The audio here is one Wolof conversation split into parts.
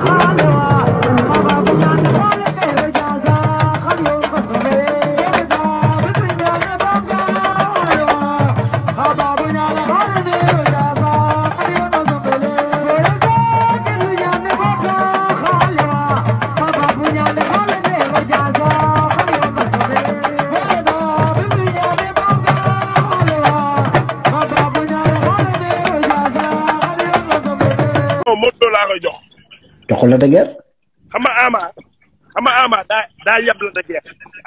Aha! joxul la de Ama Ama daa daa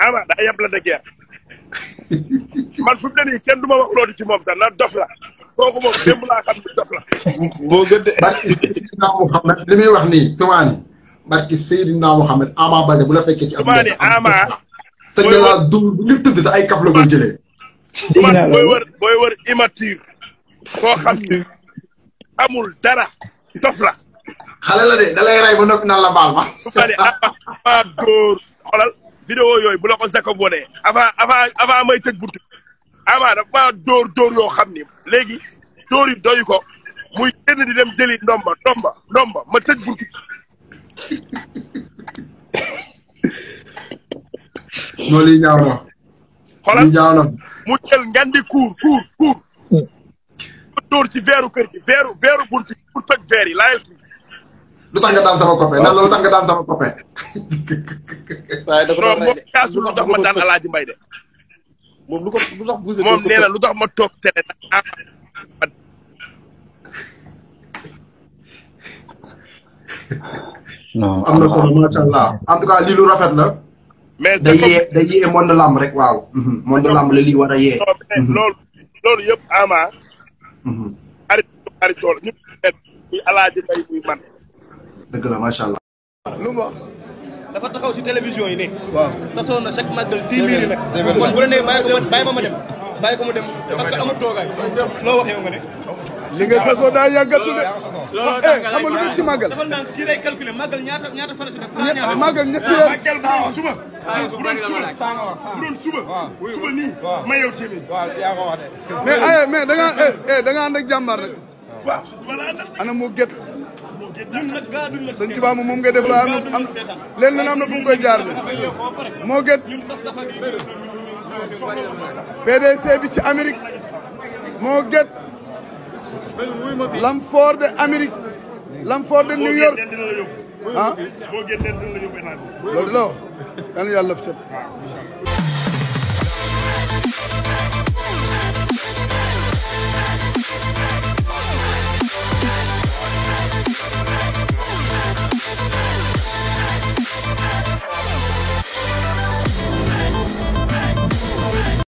Ama daa yab man fu mu ne nii kenn du ma wax loolu ci moom sax na dof la kooku moom démb laa xam boo gën Seydina Mouhamed li wax nii tumaani barki Seydina Mouhamed Ama Baldé bu la ci. tumaani Ama sëñ bi laa du te ay kaf la koy jëlee. tumaani booy wër booy wër immature. soo amul dara dof xale la de da lay rey ba noppi nan la baal ma. bu ma ne avant ah, ah, dóor xoolal yooyu bu la ko Jacob wonee avant avant avant may tëj buntu avant dafa maa dóor dóor yoo xam ni léegi dóor yi doyu ko muy génn di dem jëli ndomba ndomba ndomba ma tëj buntu. loolu yi ñaaw mu jël ngandi kuur kuur kuur. ma mm. dóor ci veeru kër gi veeru veeru buntu pour toj veer yi laajal lu tax nga daan sama copain nan la lu tax nga daan sama copain. waaye moom kaasu lu tax ma daan alaaji mbay de. moom lu lu tax na ma toog télé nag am na solo macha allah en tout rafet la. mais day yee day yee rek waaw. Mhm. monde làmb la lii war a yee. Mhm. loolu loolu yëpp ama. Mhm. ari ari tool ñu man. dëgg la macha allah. lu mu wax. dafa taxaw si télévision yi ne. waaw sasoo na chaque màggal téeméeri nag. kon bu la nee bàyyi ma ma dem. bàyyi ko dem parce que amul toogaay. loo wax yow ah, eh, lu des ci màggal. ñaata ñaata si des. saa ñaata ah, rek saa ah, suba. bu doon suba bu eh, eh, ana moo gét. ñun nag moom nga def la am am leen na am na fu mu koy moo gët PDC bi ci Amérique moo gët lam fort de Amérique lam fort de New York ah loolu la wax yàlla